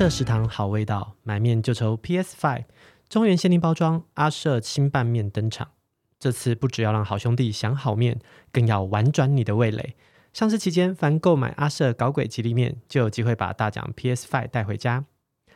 社食堂好味道，買麵就抽 PS5 中原限定包裝阿舍清拌麵登場。這次不只要讓好兄弟想好麵，更要玩轉你的味蕾。上市期間，凡購買阿舍搞鬼吉利麵，就有機會把大獎 PS5 帶回家。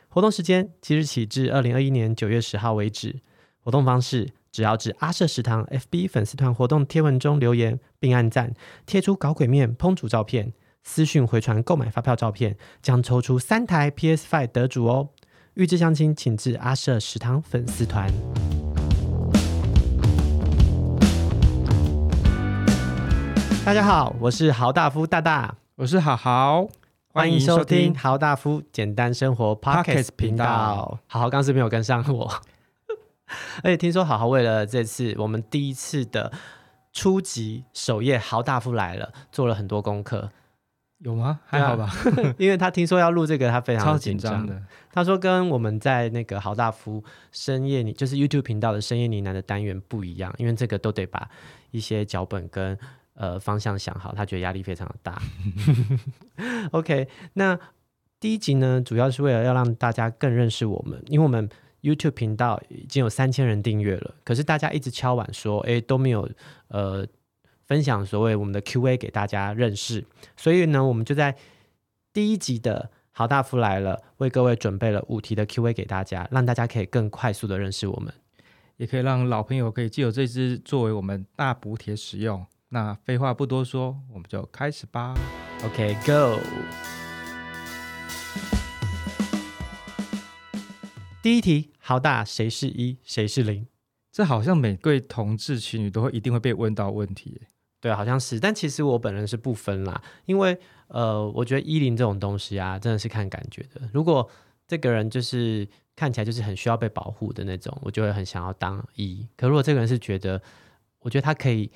活動時間即日起至二零二一年九月十號為止。活動方式只要至阿舍食堂 FB 粉絲團活動貼文中留言，並按讚，貼出搞鬼麵烹煮照片。私訊回傳購買發票照片，將抽出三台 PS5 得主哦！欲知詳情，請至阿舍食堂粉絲團。大家好，我是豪大夫大大，我是豪豪，歡迎，歡迎收聽豪大夫簡單生活 Podcast 頻道。豪豪剛是不是沒有跟上我？哎， 聽說豪豪為了這次我們第一次的初夜首集豪大夫來了，做了很多功課。有嗎、啊？還好吧， 因為他聽說要錄這個，他非常緊張的。他說跟我們在那個豪大夫深夜你就是 YouTube 頻道的深夜呢喃的單元不一樣，因為這個都得把一些腳本跟呃方向想好，他覺得壓力非常的大。 OK，那第一集呢，主要是為了要讓大家更認識我們，因為我們 YouTube 頻道已經有三千人訂閱了，可是大家一直敲碗說，哎、欸，都沒有呃。分享所謂我們的 Q&A 給大家認識，所以呢，我們就在第一集的豪大夫來了，為各位準備了五題的 Q&A 給大家，讓大家可以更快速的認識我們，也可以讓老朋友可以借由這支作為我們大補貼使用。那廢話不多說，我們就開始吧。OK，Go、okay。第一題，豪大誰是一，誰是零？這好像每個同志情侶都會一定會被問到問題。對，好像是，但其實我本人是不分啦，因為呃，我覺得一零這種東西啊，真的是看感覺的。如果這個人就是看起來就是很需要被保護的那種，我就會很想要當一、E。可如果這個人是覺得，我覺得他可以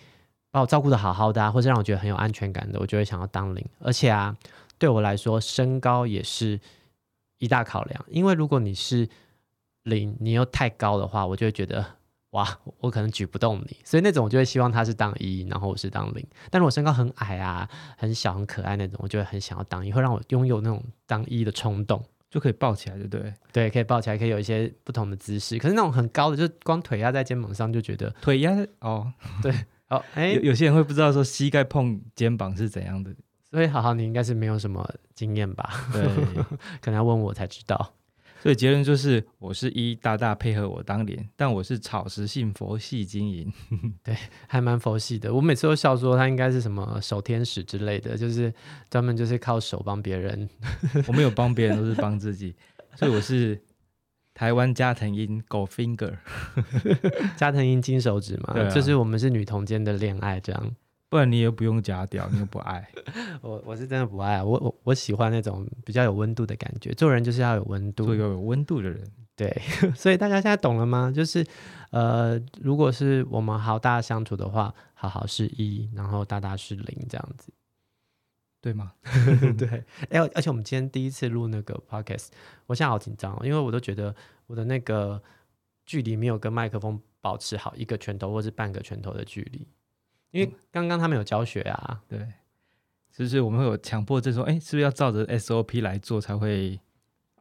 把我照顧得好好的啊，或者讓我覺得很有安全感的，我就會想要當零。而且啊，對我來說，身高也是一大考量，因為如果你是零，你又太高的話，我就會覺得。哇，我可能舉不動你，所以那種我就會希望他是當一，然後我是當零。但是我身高很矮啊，很小很可愛那種，我就會很想要當一，會讓我擁有那種當一的衝動，就可以抱起來，對不對？對，可以抱起來，可以有一些不同的姿勢。可是那種很高的，就光腿壓在肩膀上，就覺得腿壓哦，對， 哦，哎，有些人會不知道說膝蓋碰肩膀是怎樣的，所以好好你應該是沒有什麼經驗吧？對， 可能要問我才知道。所以結論就是，我是一大大配合我當年，但我是草食性佛系經營， 對，還蠻佛系的。我每次都笑說，他應該是什麼手天使之類的，就是專門就是靠手幫別人。 我沒有幫別人，都是幫自己。 所以我是台灣加藤鷹 Go Finger，加藤鷹金手指嘛。啊，就是我們是女同間的戀愛這樣。不然你也不用夾掉，你又不愛我， 我是真的不愛、啊。我我我喜歡那種比較有溫度的感覺，做人就是要有溫度，做一個有溫度的人。對，所以大家現在懂了嗎？就是呃，如果是我們好大相處的話，好好是一，然後大大是零，這樣子，對嗎？ 對。哎、欸，而且我們今天第一次錄那個 podcast，我現在好緊張哦，因為我都覺得我的那個距離沒有跟麥克風保持好一個拳頭或是半個拳頭的距離。因為剛剛他們有教學啊，嗯、對，就是，是我們會有強迫症說，哎、欸，是不是要照着 SOP 來做才會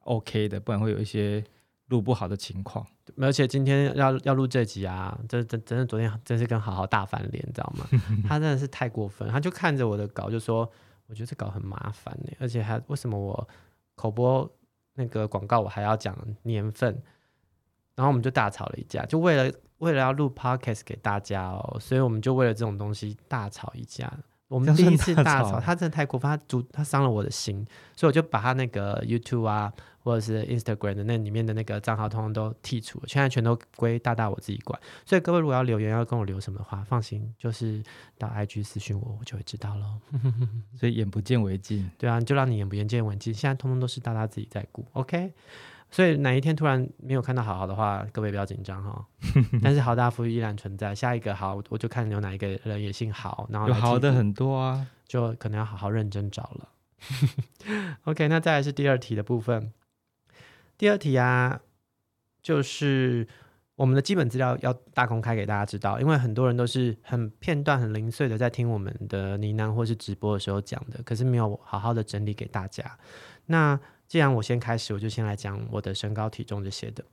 OK 的？不然會有一些錄不好的情況。而且今天要要錄這集啊，真真真的，昨天真是跟豪豪大翻臉，你知道嗎？他真的是太過分，他 就看着我的稿就說，我覺得這稿很麻煩呢，而且還為什麼我口播那個廣告我還要講年份？然後我們就大吵了一架，就為了為了要錄 podcast 給大家哦，所以我們就為了這種東西大吵一架。我們第一次大吵，他真的太過分，他主他傷了我的心，所以我就把他那個 YouTube 啊，或者是 Instagram 的那裡面的那個賬號，通通都剔除了。現在全都歸大大我自己管。所以各位如果要留言要跟我留什麼的話，放心，就是到 IG 私訊我，我就會知道嘍。 所以眼不見為淨，對啊，就讓你眼不見見為淨。現在通通都是大大自己在顧，OK。所以哪一天突然沒有看到好好的話，各位不要緊張哈。但是豪大夫依然存在。下一個好，我就看有哪一個人也姓豪，然後有好的很多啊，就可能要好好認真找了。 OK，那再來是第二題的部分。第二題啊，就是我們的基本資料要大公開給大家知道，因為很多人都是很片段、很零碎的在聽我們的呢喃或是直播的時候講的，可是沒有好好的整理給大家。那既然我先開始，我就先來講我的身高、體重這些的。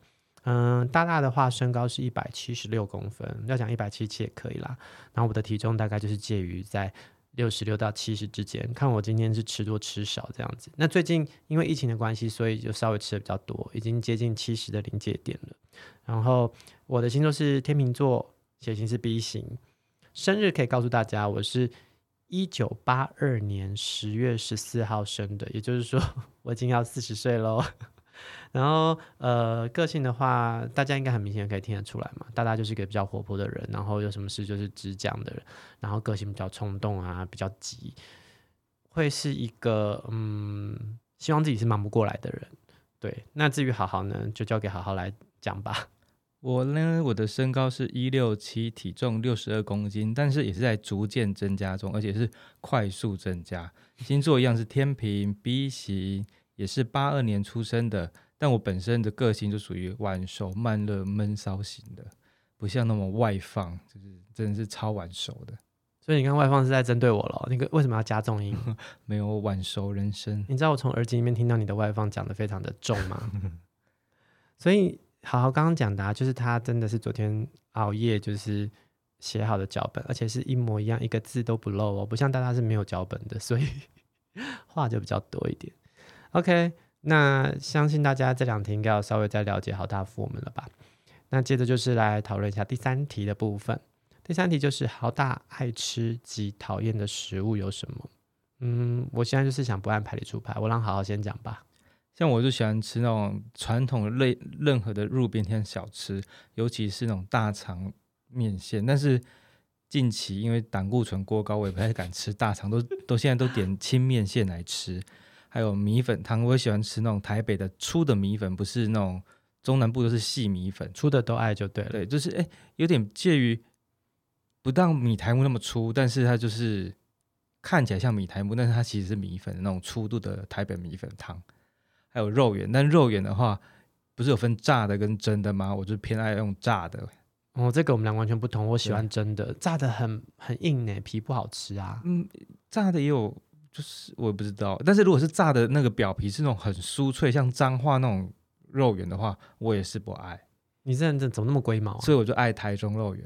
嗯，大大的話，身高是一百七十六公分，要講一百七七也可以啦。然後我的體重大概就是介於在六十六到七十之間，看我今天是吃多吃少這樣子。那最近因為疫情的關係，所以就稍微吃的比較多，已經接近七十的臨界點了。然後我的星座是天秤座，血型是 B 型，生日可以告訴大家，我是。一九八二年十月十四號生的，也就是說我已經要四十歲嘍。然後呃，個性的話，大家應該很明顯可以聽得出來嘛。大大就是一個比較活潑的人，然後有什麼事就是直講的人，然後個性比較衝動啊，比較急，會是一個嗯，希望自己是忙不過來的人。對，那至於豪豪呢，就交給豪豪來講吧。我呢，我的身高是一六七，體重六十二公斤，但是也是在逐漸增加中，而且是快速增加。星座一樣是天平，B 型，也是八二年出生的。但我本身的個性就屬於晚熟、慢熱、悶騷型的，不像那麼外放，就是真的是超晚熟的。所以你看外放是在針對我了。那個為什麼要加重音？ 沒有晚熟人生，你知道我從耳機裡面聽到你的外放講的非常的重嗎？ 所以。好好剛剛講的啊，就是他真的是昨天熬夜就是寫好的腳本，而且是一模一樣，一個字都不漏哦，不像大家是沒有腳本的，所以話就比較多一點。OK，那相信大家這兩天應該要稍微再了解豪大夫我們了吧？那接着就是來討論一下第三題的部分。第三題就是豪大愛吃及討厭的食物有什麼？嗯，我現在就是想不按牌理出牌，我讓好好先講吧。像我就喜歡吃那種傳統類任何的路邊攤小吃，尤其是那種大腸麵線。但是近期因為膽固醇過高，我也不太敢吃大腸，都都現在都點清麵線來吃。 還有米粉湯，我喜歡吃那種台北的粗的米粉，不是那種中南部都是細米粉，粗的都愛就對了。對，就是誒，有點介於不當米苔目那麼粗，但是它就是看起來像米苔目，但是它其實是米粉的那種粗度的台北米粉湯。還有肉圓，但肉圓的話，不是有分炸的跟蒸的嗎？我就偏愛用炸的。哦，這個我們倆完全不同。我喜歡蒸的，炸的很很硬耶，皮不好吃啊。嗯，炸的也有，就是我也不知道。但是如果是炸的那個表皮是那種很酥脆，像彰化那種肉圓的話，我也是不愛。你這人怎怎麼那麼龜毛啊？所以我就愛台中肉圓。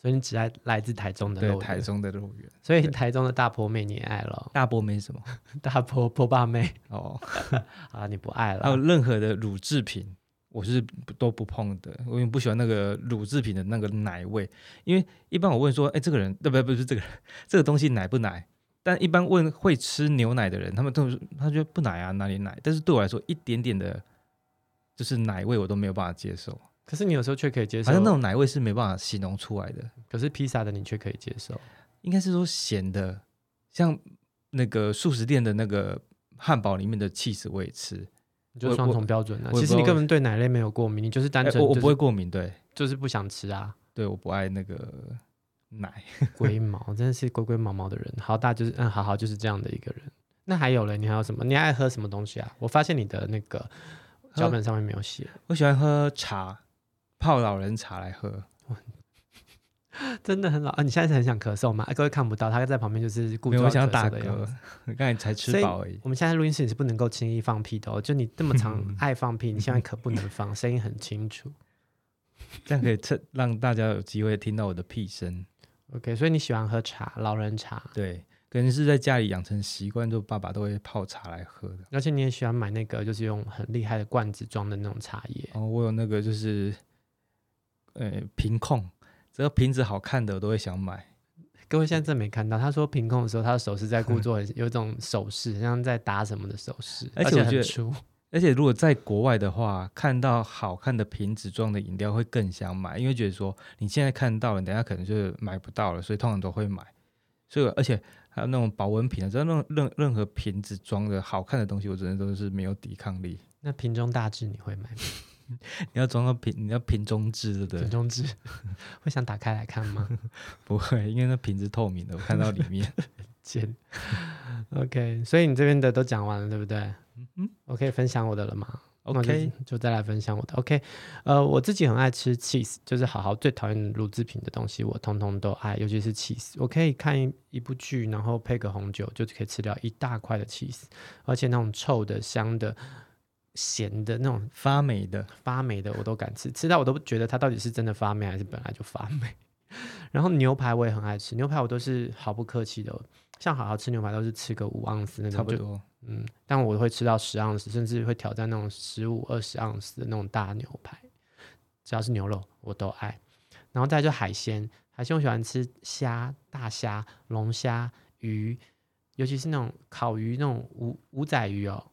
所以你只愛來自台中的肉，對台中的肉圓。所以台中的大波妹你也愛了，大波妹什麼？ 大波波霸妹哦， 啊你不愛了。還有任何的乳製品，我是不都不碰的，因為不喜歡那個乳製品的那個奶味。因為一般我問說，哎、欸，這個人，對，不，不是，不是這個人，這個東西奶不奶？但一般問會吃牛奶的人，他們都是，他覺得不奶啊，哪裡奶？但是對我來說，一點點的，就是奶味我都沒有辦法接受。可是你有時候卻可以接受，反正那種奶味是沒辦法形容出來的。可是披薩的你卻可以接受，應該是說鹹的，像那個速食店的那個漢堡裡面的起司我也吃，我也就雙重標準了、啊。其實你根本對奶類沒有過敏，你就是單純、就是、我我不會過敏，對，就是不想吃啊。對，我不愛那個奶，龜 毛真的是龜龜毛毛的人，好大就是嗯，好好就是這樣的一個人。那還有嘞，你還有什麼？你愛喝什麼東西啊？我發現你的那個腳本上面沒有寫、嗯，我喜歡喝茶。泡老人茶來喝，真的很老啊！你現在是很想咳嗽嗎？哎、啊，各位看不到，他在旁邊就是故意想打嗝。剛才才吃飽而已。我們現在錄音室也是不能夠輕易放屁的哦。就你這麼常愛放屁， 你現在可不能放。 聲音很清楚，這樣可以讓讓大家有機會聽到我的屁聲。 OK，所以你喜歡喝茶，老人茶，對，可能是在家裡養成習慣，就爸爸都會泡茶來喝的。而且你也喜歡買那個，就是用很厲害的罐子裝的那種茶葉。哦，我有那個，就是。呃，瓶控，只要瓶子好看的我都會想買。各位現在真沒看到，他說瓶控的時候，他的手是在故作有一種手勢，像在打什麼的手勢，而且我覺得，而且如果在國外的話， 看到好看的瓶子裝的飲料會更想買，因為覺得說你現在看到了，等下可能就是買不到了，所以通常都會買。所以而且還有那種保溫瓶啊，只要那種任任何瓶子裝的好看的東西，我真的都是沒有抵抗力。那瓶中大志你會買嗎？ 你要裝到瓶，你要瓶中置，對不對？瓶中，中置，會想打開來看嗎？ 不會，因為那瓶子透明的，我看到裡面。謝。 OK，所以你這邊的都講完了，對不對？OK，、嗯、我可以分享我的了嗎？o、okay. k 就，就再來分享我的。OK，呃，我自己很愛吃 cheese，就是好好最討厭乳製品的東西，我通通都愛，尤其是 cheese。我可以看一,一部劇，然後配個紅酒，就可以吃掉一大塊的 cheese，而且那種臭的、香的。鹹的那種發霉的發霉的我都敢吃，吃到我都覺得它到底是真的發霉還是本來就發霉。然後牛排我也很愛吃，牛排我都是毫不客氣的、哦，像好好吃牛排都是吃個五盎司那種、個，差不多。嗯，但我會吃到十盎司，甚至會挑戰那種十五、二十盎司的那種大牛排。只要是牛肉我都愛，然後再來就海鮮，海鮮我喜歡吃蝦、大蝦、龍蝦、魚，尤其是那種烤魚，那種五五仔魚哦。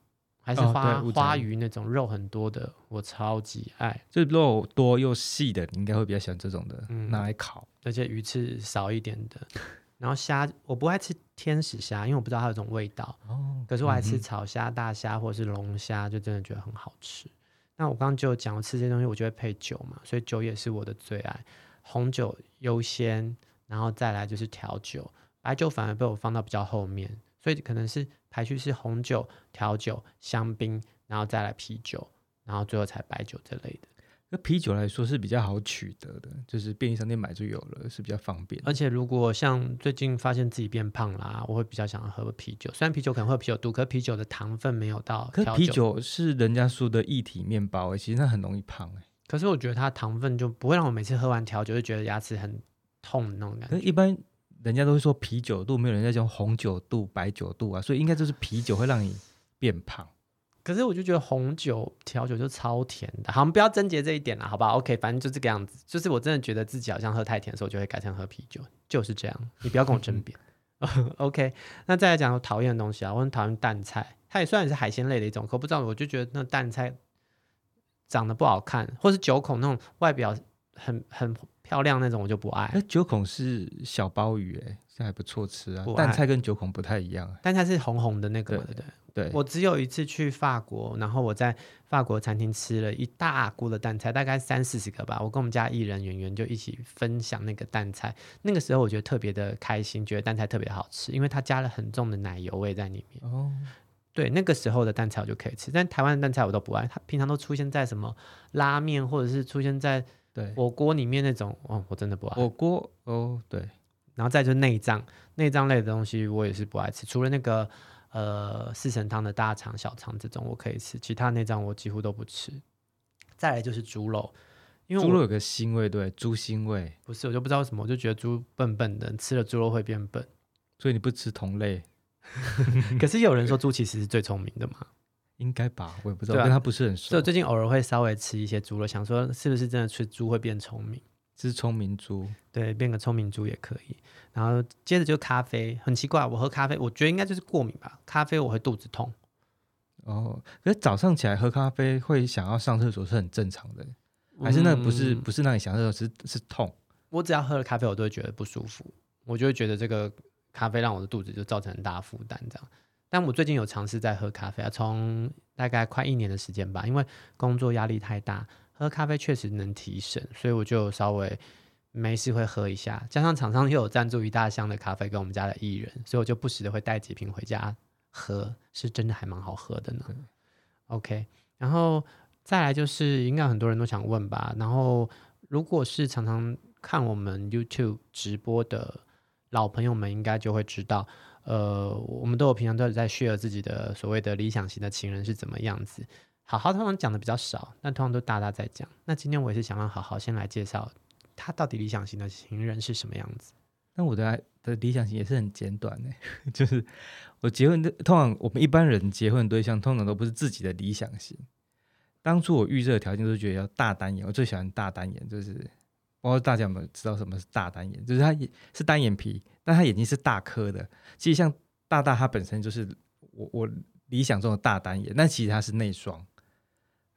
還是花、哦、花魚那種肉很多的，我超級愛，就肉多又細的，你應該會比較喜歡這種的，拿、嗯、來烤。而且魚刺少一點的， 然後蝦我不愛吃天使蝦，因為我不知道它有種味道。哦、可是我愛吃草蝦、嗯、大蝦或者是龍蝦，就真的覺得很好吃。那我剛剛就講了吃這些東西，我就會配酒嘛，所以酒也是我的最愛，紅酒優先，然後再來就是調酒，白酒反而被我放到比較後面。所以可能是排序是紅酒、調酒、香檳，然後再來啤酒，然後最後才白酒之類的。那啤酒來說是比較好取得的，就是便利商店買就有了，是比較方便的。而且如果像最近發現自己變胖啦、啊，我會比較想要喝啤酒。雖然啤酒可能會啤酒肚，可啤酒的糖分沒有到。可啤酒是人家說的液體麵包、欸，哎，其實它很容易胖、欸，可是我覺得它糖分就不會讓我每次喝完調酒就覺得牙齒很痛的那種感覺。可一般人家都會說啤酒肚，沒有人在講紅酒肚、白酒肚啊，所以應該就是啤酒會讓你變胖。可是我就覺得紅酒調酒就超甜的。好，我們不要爭結這一點啦，好吧？OK，反正就是這個樣子，就是我真的覺得自己好像喝太甜的時候，就會改成喝啤酒，就是這樣。你不要跟我爭辯 ，OK？那再來講我討厭的東西啊，我很討厭淡菜，它也算也是海鮮類的一種，可我不知道，我就覺得那淡菜長得不好看，或是九孔那種外表。很很漂亮那種，我就不愛。九孔是小鮑魚、欸，哎，這還不錯吃啊。淡菜跟九孔不太一樣，欸，淡菜是紅紅的那個的。對對對。我只有一次去法國，然後我在法國餐廳吃了一大鍋的淡菜，大概三四十個吧。我跟我們家藝人圓圓就一起分享那個淡菜，那個時候我覺得特別的開心，覺得淡菜特別好吃，因為它加了很重的奶油味在裡面。哦。對，那個時候的淡菜我就可以吃，但台灣的淡菜我都不愛。它平常都出現在什麼拉麵，或者是出現在。對火鍋裡面那種，哦，我真的不愛火鍋哦。對，然後再就是內臟，內臟類的東西我也是不愛吃，除了那個呃四神湯的大腸、小腸這種我可以吃，其他內臟我幾乎都不吃。再來就是豬肉，因為豬肉有個腥味，對，豬腥味。不是，我就不知道為什麼，我就覺得豬笨笨的，吃了豬肉會變笨，所以你不吃同類。 可是也有人說豬其實是最聰明的嘛？ 應該吧，我也不知道，我跟、啊、他不是很熟。就我最近偶爾會稍微吃一些豬了，想說是不是真的吃豬會變聰明？是聰明豬，對，變個聰明豬也可以。然後接着就是咖啡，很奇怪，我喝咖啡，我覺得應該就是過敏吧。咖啡我會肚子痛。哦，可是早上起來喝咖啡會想要上廁所是很正常的，嗯、還是那不是不是讓你想廁所，是是痛。我只要喝了咖啡，我都會覺得不舒服，我就會覺得這個咖啡讓我的肚子就造成很大負擔，這樣。但我最近有嘗試在喝咖啡啊，從大概快一年的時間吧，因為工作壓力太大，喝咖啡確實能提神，所以我就稍微沒事會喝一下。加上廠商又有贊助一大箱的咖啡給我們家的藝人，所以我就不時的會帶幾瓶回家喝，是真的還蠻好喝的呢。嗯。OK，然後再來就是應該很多人都想問吧，然後如果是常常看我們 YouTube 直播的老朋友們，應該就會知道。呃，我們都有平常都在 share 自己的所謂的理想型的情人是怎麼樣子。好好通常講的比較少，那通常都大大在講。那今天我也是想讓好好先來介紹他到底理想型的情人是什麼樣子。那我的的理想型也是很簡短的、欸，就是我結婚的通常我們一般人結婚對象通常都不是自己的理想型。當初我預設的條件都覺得要大單眼，我最喜歡大單眼，就是。然後哦大家有沒有知道什麼是大單眼？就是他是單眼皮，但他眼睛是大顆的。其實像大大他本身就是我我理想中的大單眼，但其實他是內雙。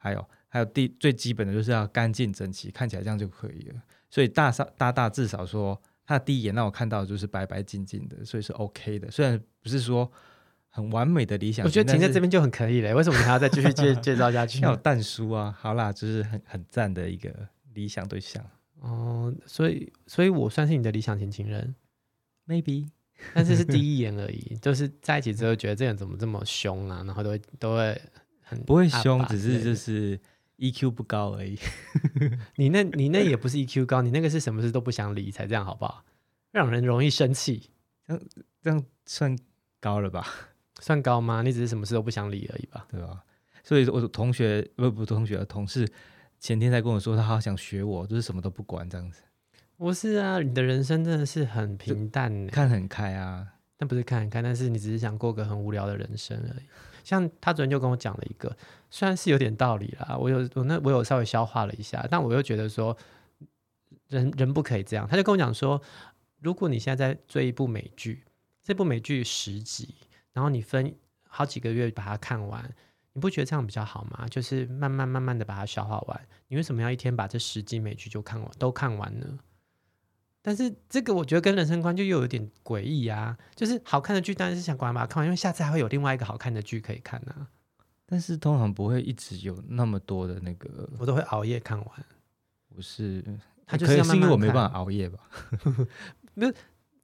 還有還有第最基本的就是要乾淨整齊，看起來這樣就可以了。所以大大大大至少說他的第一眼讓我看到的就是白白淨淨的，所以是 OK 的。雖然不是說很完美的理想，我覺得停在這邊就很可以了。為什麼還要再繼續介介紹下去？還有蛋叔啊，好啦，就是很很讚的一個理想對象。哦、uh，所以，所以我算是你的理想情、情人，maybe， 但是是第一眼而已，就是在一起之後覺得這個人怎麼這麼凶啊，然後都會都會很、啊、不會凶，只是就是 EQ 不高而已。 你那你那也不是 EQ 高，你那個是什麼事都不想理才這樣，好不好？讓人容易生氣，這樣這樣算高了吧？算高嗎？你只是什麼事都不想理而已吧？對吧、啊？所以我的同學不不同學，同事。前天才跟我說，他好想學我，就是什麼都不管這樣子。不是啊，你的人生真的是很平淡，看很開啊。但不是看很開，但是你只是想過個很無聊的人生而已。像他昨天就跟我講了一個，雖然是有點道理啦，我有我那我有稍微消化了一下，但我又覺得說，人人不可以這樣。他就跟我講說，如果你現在在追一部美劇，這部美劇十集，然後你分好幾個月把它看完。你不覺得這樣比較好嗎？就是慢慢慢慢的把它消化完。你為什麼要一天把這十集美劇就看完都看完呢？但是這個我覺得跟人生觀就又有點詭異啊。就是好看的劇當然是想趕快把它看完，因為下次還會有另外一個好看的劇可以看啊。但是通常不會一直有那麼多的那個，我都會熬夜看完。不是他就是因為、啊、我沒辦法熬夜吧？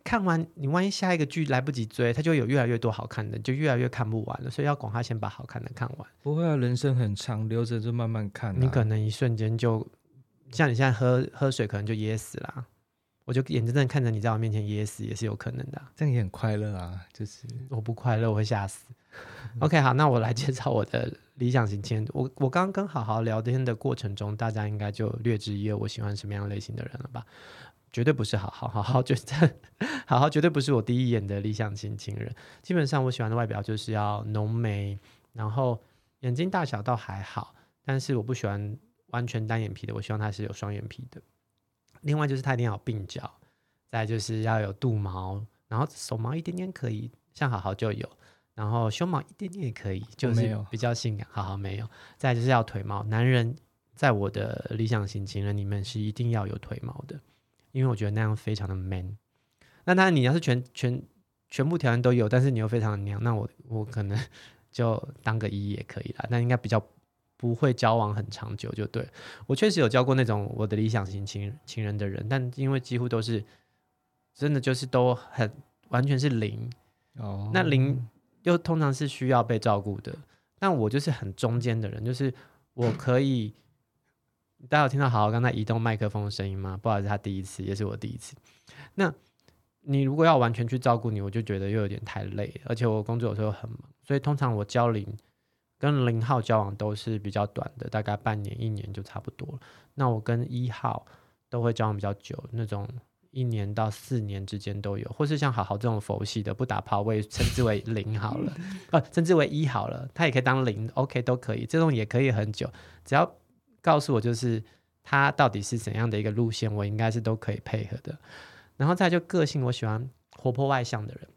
看完你萬一下一個劇來不及追，他就有越來越多好看的，就越來越看不完了。所以要廣他先把好看的看完。不會啊，人生很長，留着就慢慢看、啊。你可能一瞬間就，像你現在喝喝水可能就噎死了，我就眼睜睜看着你在我面前噎死也是有可能的、啊。這樣也很快樂啊，就是我不快樂我會嚇死、嗯。OK，好，那我來介紹我的理想型前，我我剛，剛跟好好聊天的過程中，大家應該就略知一二，我喜歡什麼樣類型的人了吧？絕對不是豪豪豪豪，豪，就是豪豪，豪，絕對不是我第一眼的理想型情人。基本上我喜歡的外表就是要濃眉，然後眼睛大小倒還好，但是我不喜歡完全單眼皮的，我希望他是有雙眼皮的。另外就是他一定要有鬢角，再就是要有肚毛，然後手毛一點點可以，像豪豪就有，然後胸毛一點點也可以，就是沒有比較性感。豪豪沒有，再就是要腿毛，男人在我的理想型情人裡面是一定要有腿毛的。因為我覺得那樣非常的 man。那那你要是全全全部條件都有，但是你又非常的娘，那我我可能就當個一也可以啦。那應該比較不會交往很長久就對。我確實有交過那種我的理想型情人情人的人，但因為幾乎都是真的就是都很完全是零哦。Oh. 那零又通常是需要被照顧的，但我就是很中間的人，就是我可以。 大家有聽到豪豪剛才移動麥克風的聲音嗎？不好意思，他第一次，也是我第一次。那你如果要完全去照顧你，我就覺得又有點太累，而且我工作有時候很忙，所以通常我交零跟零號交往都是比較短的，大概半年一年就差不多了。那我跟一號都會交往比較久，那種一年到四年之間都有，或是像豪豪這種佛系的不打炮我也，稱之為零好了， 呃，稱之為一好了，他也可以當零，OK 都可以，這種也可以很久，只要。告訴我，就是他到底是怎樣的一個路線，我應該是都可以配合的。然後再就個性，我喜歡活潑外向的人，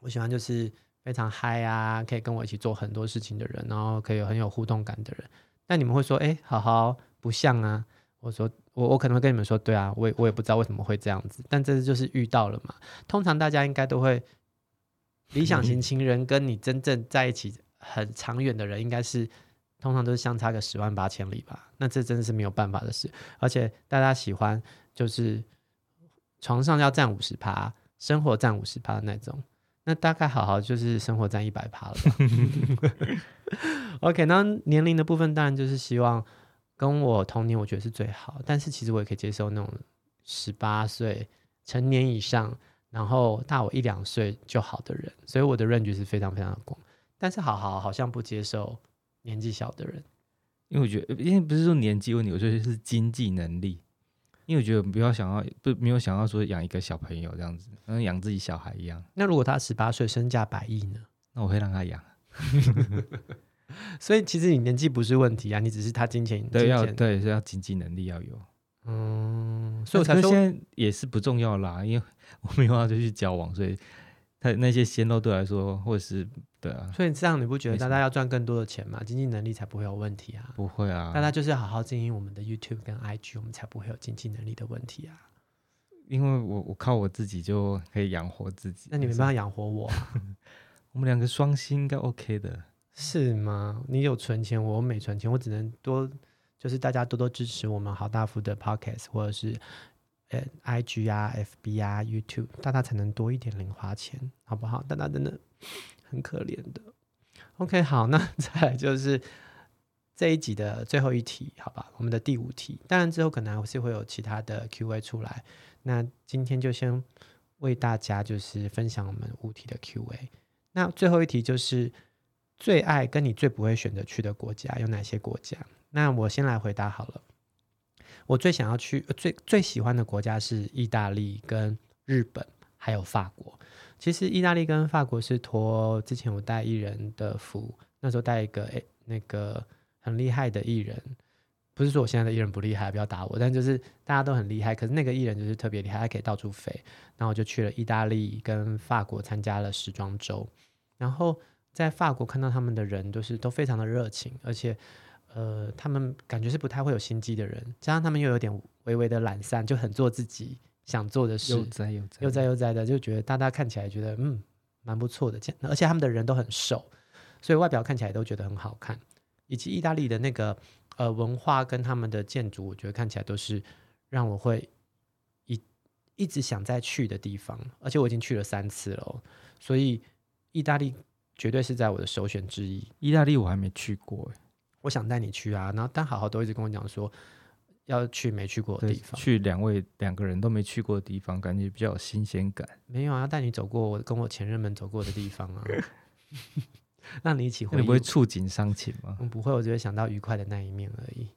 我喜歡就是非常嗨啊，可以跟我一起做很多事情的人，然後可以有很有互動感的人。那你們會說，哎，好好不像啊？我說，我我可能會跟你們說，對啊，我也我也不知道為什麼會這樣子，但這就是遇到了嘛。通常大家應該都會，理想型情人跟你真正在一起很長遠的人，應該是。通常都是相差個十萬八千里吧，那這真的是沒有辦法的事。而且大家喜歡就是床上要佔五十趴，生活佔五十趴的那種。那大概好好就是生活佔一百趴了吧。 OK，那年齡的部分當然就是希望跟我同年，我覺得是最好。但是其實我也可以接受那種十八歲成年以上，然後大我一兩歲就好的人。所以我的認知是非常非常的廣。但是好好好像不接受。年紀小的人，因為我覺得，因為不是說年紀問題，我覺得是經濟能力。因為我覺得不要想要，不沒有想要說養一個小朋友這樣子，像養自己小孩一樣。那如果他十八歲，身價百億呢？那我會讓他養。 所以其實你年紀不是問題啊，你只是他金錢，金錢，對，要，對，是要經濟能力要有。嗯，所以我才說現在也是不重要啦，因為我沒有要再去交往，所以。他那些鮮肉對來說，或者是對啊，所以這樣你不覺得大家要賺更多的錢嗎？經濟能力才不會有問題啊。不會啊，大家就是好好經營我們的 YouTube 跟 IG，我們才不會有經濟能力的問題啊。因為我我靠我自己就可以養活自己，那你沒辦法養活我， 我們兩個雙薪應該 OK 的，是嗎？你有存錢，我沒存錢，我只能多就是大家多多支持我們豪大夫的 Podcast 或者是。哎，IG 啊，FB 啊，YouTube，大家才能多一點零花錢，好不好？大家真的很可憐的。OK，好，那再來就是這一集的最後一題，好吧？我們的第五題，當然之後可能還是會有其他的 QA 出來。那今天就先為大家就是分享我們五題的 QA。那最後一題就是最愛跟你最不會選擇去的國家有哪些國家？那我先來回答好了。我最想要去最最喜歡的國家是意大利跟日本，還有法國。其實意大利跟法國是托之前我帶藝人的福，那時候帶一個誒那個很厲害的藝人，不是說我現在的藝人不厲害，不要打我，但就是大家都很厲害。可是那個藝人就是特別厲害，他可以到處飛，然後我就去了意大利跟法國參加了時裝週。然後在法國看到他們的人，就是都非常的熱情，而且。呃，他們感覺是不太會有心機的人，加上他們又有點微微的懶散，就很做自己想做的事，悠哉悠哉，悠哉，悠哉，悠哉悠哉的，就覺得大家看起來覺得嗯，蠻不錯的，而且他們的人都很瘦，所以外表看起來都覺得很好看。以及意大利的那個呃文化跟他們的建築，我覺得看起來都是讓我會一一直想再去的地方，而且我已經去了三次了，所以意大利絕對是在我的首選之一。意大利我還沒去過欸。我想帶你去啊，然後但豪豪都一直跟我講說要去沒去過的地方，去兩位兩個人都沒去過的地方，感覺比較有新鮮感。沒有啊，要帶你走過我跟我前任們走過的地方啊，讓 你一起回憶。那你不會觸景傷情嗎？不會，我只會想到愉快的那一面而已。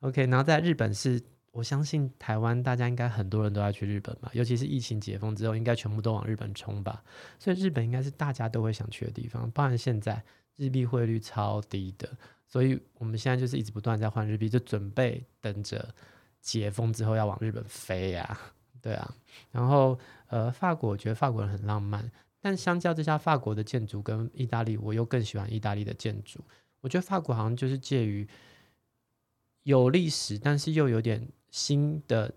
OK，然後在日本是我相信台灣大家應該很多人都要去日本吧，尤其是疫情解封之後，應該全部都往日本衝吧。所以日本應該是大家都會想去的地方，不然現在。日幣匯率超低的，所以我們現在就是一直不斷在換日幣，就準備等着解封之後要往日本飛呀，啊，對啊。然後呃，法國，我覺得法國人很浪漫，但相較之下，法國的建築跟意大利，我又更喜歡意大利的建築。我覺得法國好像就是介於有歷史，但是又有點新的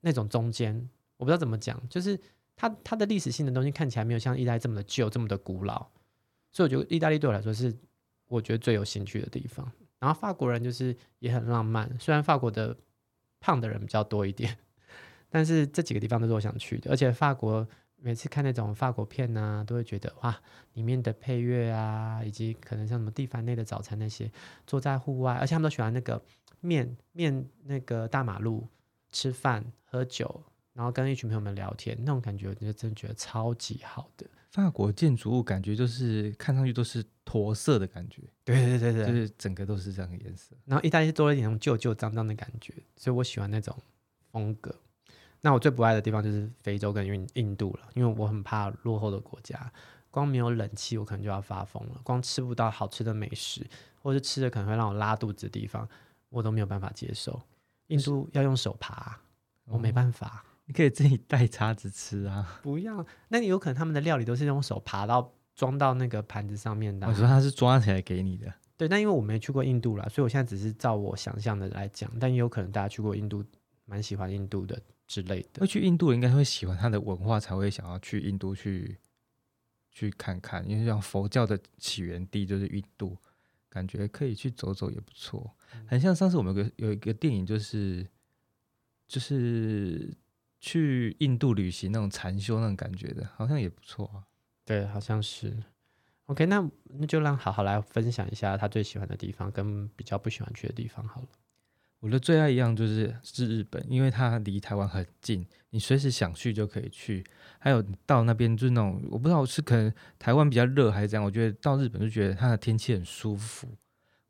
那種中間，我不知道怎麼講，就是它它的歷史性的東西看起來沒有像意大利這麼的舊，這麼的古老。所以我覺得意大利對我來說是我覺得最有興趣的地方。然後法國人就是也很浪漫，雖然法國的胖的人比較多一點，但是這幾個地方都是我想去的。而且法國每次看那種法國片吶、啊，都會覺得哇，裡面的配樂啊，以及可能像什麼第凡內的早餐那些，坐在戶外，而且他們都喜歡那個面面那個大馬路吃飯喝酒，然後跟一群朋友們聊天，那種感覺我就真的覺得超級好的。法國建築物感覺就是看上去都是駝色的感覺，對對對對，就是整個都是這樣的顏色。然後意大利多了一點那種舊舊髒脏的感覺，所以我喜歡那種風格。那我最不愛的地方就是非洲跟印印度了，因為我很怕落後的國家，光沒有冷氣我可能就要發瘋了，光吃不到好吃的美食，或者是吃的可能會讓我拉肚子的地方，我都沒有辦法接受。印度要用手扒，我沒辦法。嗯你可以自己帶叉子吃啊！不要，那你有可能他們的料理都是用手爬到裝到那個盤子上面的，啊。我、哦、說他是抓起來給你的。對，但因為我沒去過印度啦，所以我現在只是照我想象的來講，但也有可能大家去過印度，蠻喜歡印度的之類的。去印度應該會喜歡它的文化，才會想要去印度去去看看，因為像佛教的起源地就是印度，感覺可以去走走也不錯，嗯。很像上次我們有個有一個電影，就是，就是就是。去印度旅行那種禪修那種感覺的，好像也不錯啊。對，好像是。OK，那那就讓豪豪來分享一下他最喜歡的地方跟比較不喜歡去的地方好了。我的最愛一樣就是是日本，因為它離台灣很近，你隨時想去就可以去。還有你到那邊就是那種，我不知道是可能台灣比較熱還是怎樣，我覺得到日本就覺得它的天氣很舒服。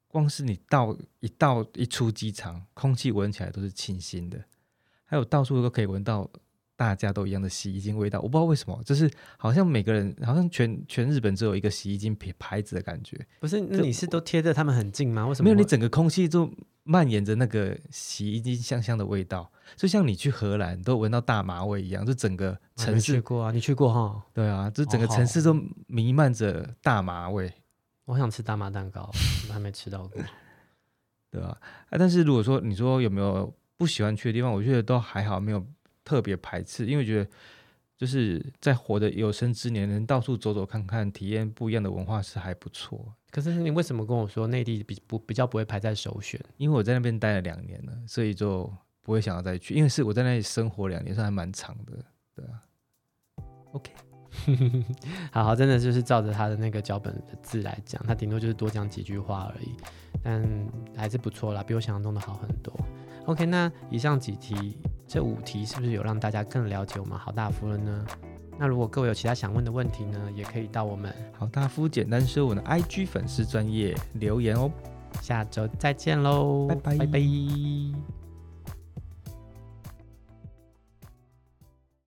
光是你到一到一出機場，空氣聞起來都是清新的。還有到處都可以聞到大家都一樣的洗衣精味道，我不知道為什麼，就是好像每個人好像全全日本只有一個洗衣精牌牌子的感覺。不是，那你是都貼着他們很近嗎？為什麼？沒有，你整個空氣都蔓延着那個洗衣精香香的味道，就像你去荷蘭都聞到大麻味一樣，就整個城市去過啊，你去過哈，哦？對啊，就整個城市都彌漫着大麻味。哦，我想吃大麻蛋糕，我還沒吃到過， 對啊，啊。但是如果說你說有沒有？不喜歡去的地方，我覺得都還好，沒有特別排斥，因為覺得就是在活的有生之年，能到處走走看看，體驗不一樣的文化是還不錯。可是你為什麼跟我說內地比不比較不會排在首選？因為我在那邊待了兩年了，所以就不會想要再去，因為是我在那裡生活兩年，算還蠻長的。對啊，OK，好， 好，真的就是照着他的那個腳本的字來講，他頂多就是多講幾句話而已，但還是不錯啦，比我想象中的好很多。OK，那以上幾題，這五題是不是有讓大家更了解我們豪大夫了呢？那如果各位有其他想問的問題呢，也可以到我們豪大夫簡單說我的 IG 粉絲專頁留言哦。下週再見嘍，拜拜。Bye bye